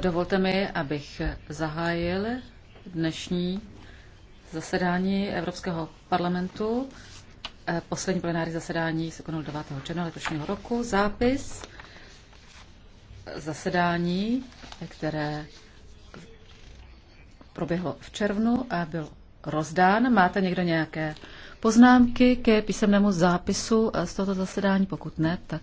Dovolte mi, abych zahájil dnešní zasedání Evropského parlamentu. Eh, poslední plenární zasedání se konalo 9. června letošního roku. Zápis zasedání, které proběhlo v červnu a eh, byl rozdán. Máte někdo nějaké poznámky ke písemnému zápisu eh, z tohoto zasedání? Pokud ne, tak